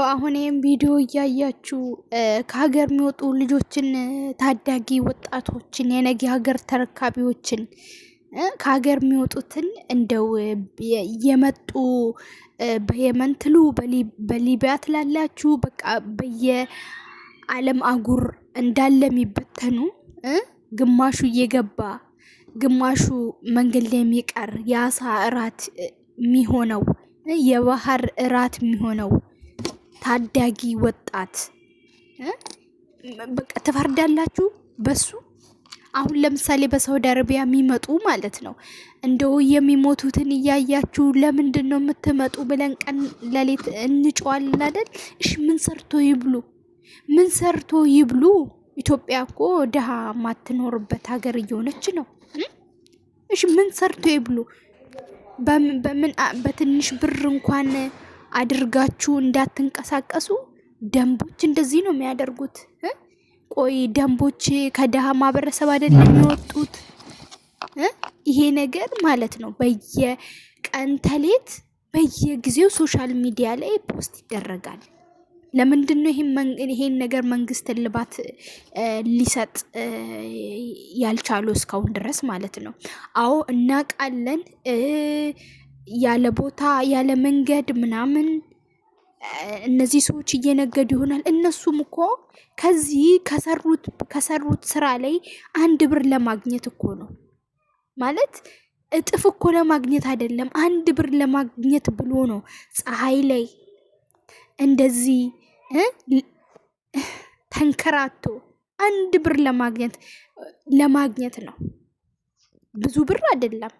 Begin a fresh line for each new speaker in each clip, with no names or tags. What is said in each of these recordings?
እንደው አሁን ይህም ቪዲዮ እያያችሁ ከሀገር የሚወጡ ልጆችን ታዳጊ ወጣቶችን የነገ ሀገር ተረካቢዎችን ከሀገር የሚወጡትን እንደው የመጡ በየመን ትሉ በሊቢያ ትላላችሁ በቃ በየዓለም አጉር እንዳለ የሚበተኑ ግማሹ እየገባ ግማሹ መንገድ ላይ የሚቀር የአሳ እራት የሚሆነው የባህር እራት የሚሆነው ታዳጊ ወጣት በቃ ትፈርዳላችሁ በሱ። አሁን ለምሳሌ በሳውዲ አረቢያ የሚመጡ ማለት ነው እንደው የሚሞቱትን እያያችሁ ለምንድን ነው የምትመጡ ብለን ቀን ለሌት እንጨዋለን አይደል? እሺ ምን ሰርቶ ይብሉ? ምን ሰርቶ ይብሉ? ኢትዮጵያ እኮ ድሃ ማትኖርበት ሀገር እየሆነች ነው። እሺ ምን ሰርቶ ይብሉ? በምን በትንሽ ብር እንኳን አድርጋችሁ እንዳትንቀሳቀሱ። ደንቦች እንደዚህ ነው የሚያደርጉት። ቆይ ደንቦች ከድሀ ማህበረሰብ አይደለም የሚወጡት? ይሄ ነገር ማለት ነው። በየቀን ተሌት በየጊዜው ሶሻል ሚዲያ ላይ ፖስት ይደረጋል። ለምንድን ነው ይሄን ነገር መንግስት እልባት ሊሰጥ ያልቻሉ እስካሁን ድረስ ማለት ነው? አዎ እናውቃለን። ያለ ቦታ ያለ መንገድ ምናምን እነዚህ ሰዎች እየነገዱ ይሆናል። እነሱም እኮ ከዚህ ከሰሩት ስራ ላይ አንድ ብር ለማግኘት እኮ ነው ማለት እጥፍ እኮ ለማግኘት አይደለም፣ አንድ ብር ለማግኘት ብሎ ነው ፀሐይ ላይ እንደዚህ ተንከራቶ አንድ ብር ለማግኘት ለማግኘት ነው። ብዙ ብር አይደለም።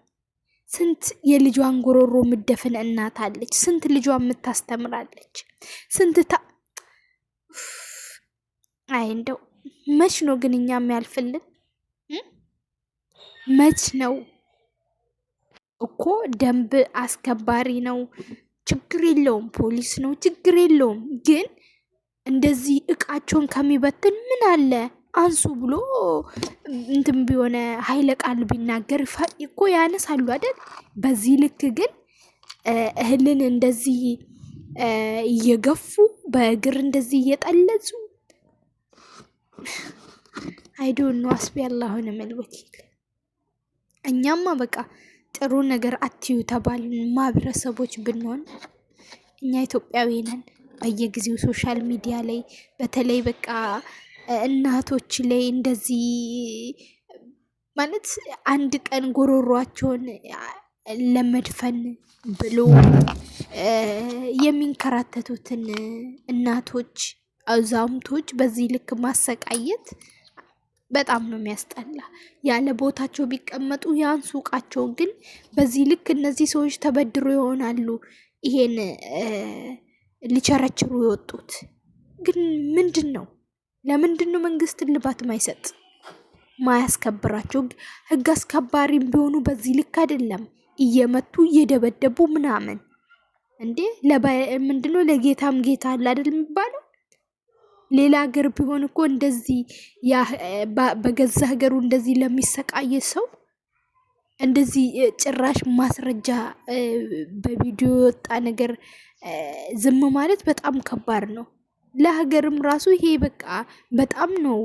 ስንት የልጇን ጉሮሮ የምደፍን እናት አለች። ስንት ልጇን የምታስተምራለች። ስንት ታ አይ እንደው መች ነው ግን እኛ የሚያልፍልን? መች ነው እኮ ደንብ አስከባሪ ነው፣ ችግር የለውም። ፖሊስ ነው፣ ችግር የለውም። ግን እንደዚህ እቃቸውን ከሚበትን ምን አለ አንሱ ብሎ እንትም ቢሆነ ኃይለ ቃል ቢናገር እኮ ያነሳሉ አይደል? በዚህ ልክ ግን እህልን እንደዚህ እየገፉ በእግር እንደዚህ እየጠለጹ አይዶን ነው አስቢ ያላህ ሆነ መልወኪል እኛማ በቃ ጥሩ ነገር አትዩ ተባልን ማህበረሰቦች ብንሆን እኛ ኢትዮጵያዊ ነን። በየጊዜው ሶሻል ሚዲያ ላይ በተለይ በቃ እናቶች ላይ እንደዚህ ማለት አንድ ቀን ጎሮሯቸውን ለመድፈን ብሎ የሚንከራተቱትን እናቶች አዛውንቶች በዚህ ልክ ማሰቃየት በጣም ነው የሚያስጠላ። ያለ ቦታቸው ቢቀመጡ ያን ሱቃቸው ግን በዚህ ልክ እነዚህ ሰዎች ተበድሮ ይሆናሉ ይሄን ሊቸረችሩ የወጡት ግን ምንድን ነው? ለምንድን ነው መንግስት እልባት ማይሰጥ ማያስከብራቸው? ህግ አስከባሪም ቢሆኑ በዚህ ልክ አይደለም እየመቱ እየደበደቡ ምናምን እንዴ ምንድነው? ለጌታም ጌታ አለ አይደል የሚባለው። ሌላ ሀገር ቢሆን እኮ እንደዚህ በገዛ ሀገሩ እንደዚህ ለሚሰቃየ ሰው እንደዚህ ጭራሽ ማስረጃ በቪዲዮ የወጣ ነገር ዝም ማለት በጣም ከባድ ነው። ለሀገርም ራሱ ይሄ በቃ በጣም ነው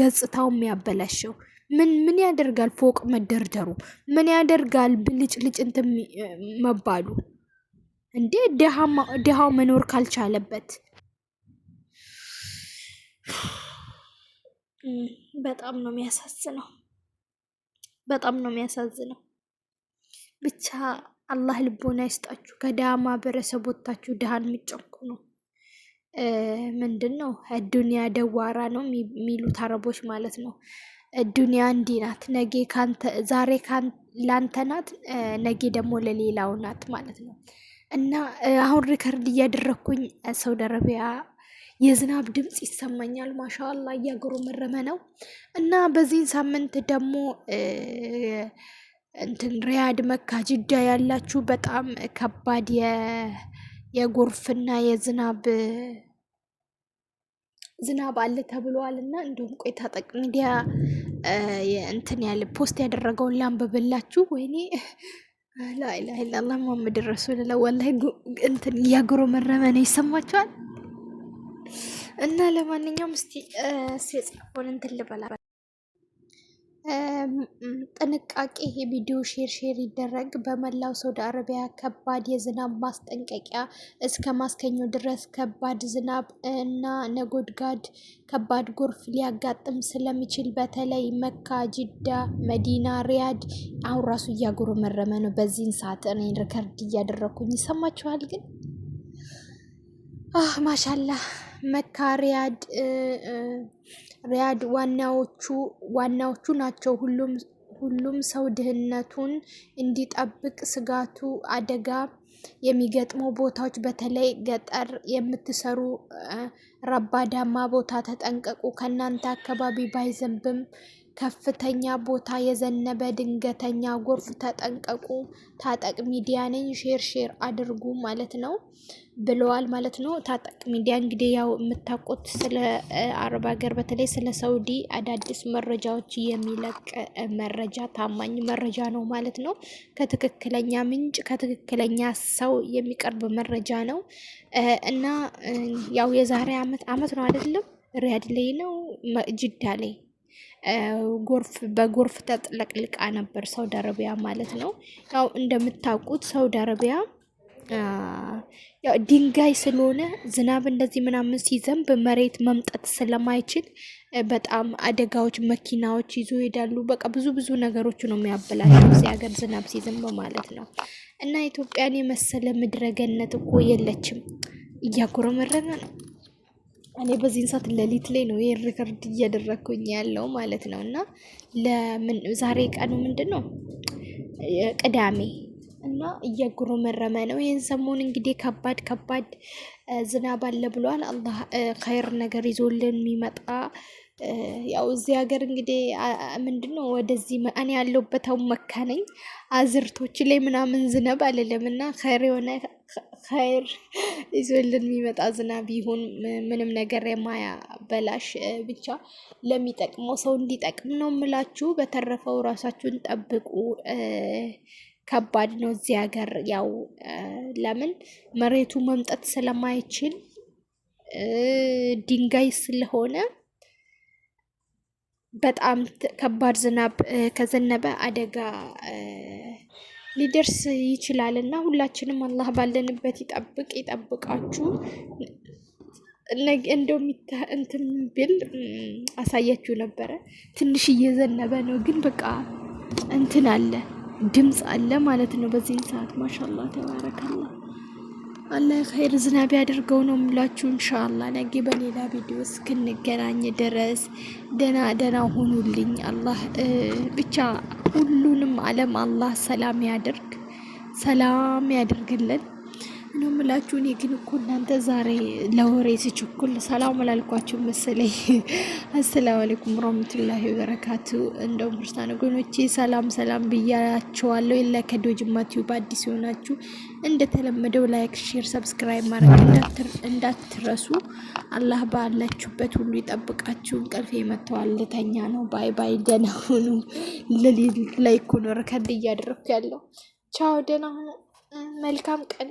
ገጽታው የሚያበላሸው። ምን ምን ያደርጋል ፎቅ መደርደሩ፣ ምን ያደርጋል ብልጭ እንትን መባሉ። እንዴ ድሃው መኖር ካልቻለበት በጣም ነው የሚያሳዝነው። በጣም ነው የሚያሳዝነው። ብቻ አላህ ልቦና ይስጣችሁ። ከድሃ ማህበረሰብ ወጥታችሁ ድሃን የሚጨንቁ ነው። ምንድን ነው ዱንያ ደዋራ ነው የሚሉት አረቦች ማለት ነው። ዱንያ እንዲህ ናት። ዛሬ ላንተ ናት፣ ነጌ ደግሞ ለሌላው ናት ማለት ነው። እና አሁን ሪከርድ እያደረግኩኝ ሳውዲ አረቢያ የዝናብ ድምፅ ይሰማኛል። ማሻአላ መረመ ነው። እና በዚህን ሳምንት ደግሞ እንትን ሪያድ፣ መካ፣ ጅዳ ያላችሁ በጣም ከባድ የጎርፍና የዝናብ ዝናብ አለ ተብለዋል እና እንዲሁም ቆይ ጠቅ ሚዲያ እንትን ያለ ፖስት ያደረገውን ላንብብላችሁ። ወይኔ ላላ ኢለላህ ሙሐመድ ረሱሉላህ ወላ እንትን እያጉረመረመ ነው። ይሰማችኋል። እና ለማንኛውም እስቲ ሴጻፎን እንትን ልበላ ጥንቃቄ የቪዲዮ ሼር ሼር ይደረግ። በመላው ሳውዲ አረቢያ ከባድ የዝናብ ማስጠንቀቂያ እስከ ማስከኞ ድረስ ከባድ ዝናብ እና ነጎድጋድ ከባድ ጎርፍ ሊያጋጥም ስለሚችል በተለይ መካ፣ ጅዳ፣ መዲና፣ ሪያድ አሁን ራሱ እያጉረመረመ ነው። በዚህን ሰዓት እኔ ሪከርድ እያደረግኩኝ ይሰማችኋል ግን ማሻላ መካ ሪያድ ሪያድ ዋናዎቹ ናቸው። ሁሉም ሰው ድህነቱን እንዲጠብቅ ስጋቱ አደጋ የሚገጥመው ቦታዎች በተለይ ገጠር የምትሰሩ ረባዳማ ቦታ ተጠንቀቁ። ከእናንተ አካባቢ ባይዘንብም ከፍተኛ ቦታ የዘነበ ድንገተኛ ጎርፍ ተጠንቀቁ። ታጠቅ ሚዲያ ነኝ፣ ሼር ሼር አድርጉ ማለት ነው ብለዋል ማለት ነው። ታጠቅ ሚዲያ እንግዲህ ያው የምታውቁት ስለ አረብ ሀገር በተለይ ስለ ሰውዲ አዳዲስ መረጃዎች የሚለቅ መረጃ ታማኝ መረጃ ነው ማለት ነው። ከትክክለኛ ምንጭ ከትክክለኛ ሰው የሚቀርብ መረጃ ነው እና ያው የዛሬ አመት አመት ነው አይደለም ሪያድ ላይ ነው ጅዳ ላይ ጎርፍ በጎርፍ ተጥለቅልቃ ነበር ሳውዲ አረቢያ ማለት ነው። ያው እንደምታውቁት ሳውዲ አረቢያ ድንጋይ ስለሆነ ዝናብ እንደዚህ ምናምን ሲዘንብ መሬት መምጠት ስለማይችል በጣም አደጋዎች መኪናዎች ይዞ ይሄዳሉ። በቃ ብዙ ብዙ ነገሮች ነው የሚያበላቸው እዚህ ሀገር ዝናብ ሲዘንብ ማለት ነው። እና ኢትዮጵያን የመሰለ ምድረገነት እኮ የለችም። እያጉረመረመ ነው። እኔ በዚህን ሰዓት ለሊት ላይ ነው ይህን ሪከርድ እያደረግኩኝ ያለው ማለት ነው። እና ለምን ዛሬ ቀኑ ምንድን ነው? ቅዳሜ እና እያጉረመረመ ነው። ይህን ሰሞን እንግዲህ ከባድ ከባድ ዝናብ አለ ብሏል። አላህ ኸይር ነገር ይዞልን የሚመጣ ያው እዚህ ሀገር እንግዲህ ምንድን ነው ወደዚህ እኔ ያለሁበት መካ ነኝ። አዝርቶች ላይ ምናምን ዝነብ አለለም እና ኸይር የሆነ ኸይር ይዞልን የሚመጣ ዝናብ ይሁን ምንም ነገር የማያበላሽ ብቻ ለሚጠቅመው ሰው እንዲጠቅም ነው የምላችሁ። በተረፈው ራሳችሁን ጠብቁ። ከባድ ነው እዚህ ሀገር ያው ለምን መሬቱ መምጠት ስለማይችል ድንጋይ ስለሆነ በጣም ከባድ ዝናብ ከዘነበ አደጋ ሊደርስ ይችላል እና ሁላችንም አላህ ባለንበት ይጠብቅ ይጠብቃችሁ። እንደው እንትን ብል አሳያችሁ ነበረ። ትንሽ እየዘነበ ነው ግን በቃ እንትን አለ ድምፅ አለ ማለት ነው። በዚህን ሰዓት ማሻላ ተባረከላ። አላህ ኸይር ዝናብ ያደርገው ነው የምላችሁ። እንሻላ ነገ በሌላ ቪዲዮ እስክንገናኝ ድረስ ደና ደና ሁኑልኝ። አላህ ብቻ ሁሉንም ዓለም አላህ ሰላም ያደርግ ሰላም ያደርግልን። ነው የምላችሁ። እኔ ግን እኮ እናንተ ዛሬ ለወሬ ስችኩል ሰላም አላልኳችሁ መሰለኝ። አሰላሙ አለይኩም ረህመቱላሂ በረካቱ። እንደው ብርሳን ጎኖቼ ሰላም ሰላም ብያችኋለሁ። የላከዶ ጅማቲው በአዲስ የሆናችሁ እንደተለመደው ላይክ፣ ሼር፣ ሰብስክራይብ ማድረግ እንዳትረሱ። አላህ ባላችሁበት ሁሉ ይጠብቃችሁ። እንቅልፌ መጥተዋል፣ ልተኛ ነው። ባይ ባይ። ደህና ሁኑ። ለሌሊት ላይ እኮ ነው ረከድ እያደረኩ ያለው ቻው፣ ደህና ሁኑ። መልካም ቀን